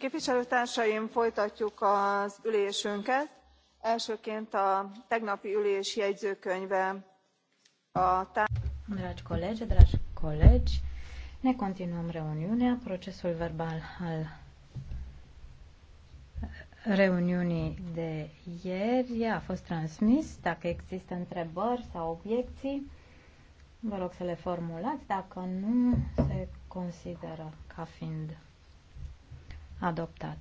képviselőtársaim folytatjuk az ülésünket elsőként a tegnapi ülés jegyzőkönyve a Dragi colegi, dragi colegi, ne continuăm reuniunea. Procesul verbal al reuniunii de ieri a fost transmis. Dacă există întrebări sau obiecții, vă rog să le formulați. Dacă nu, se consideră ca fiind adoptat.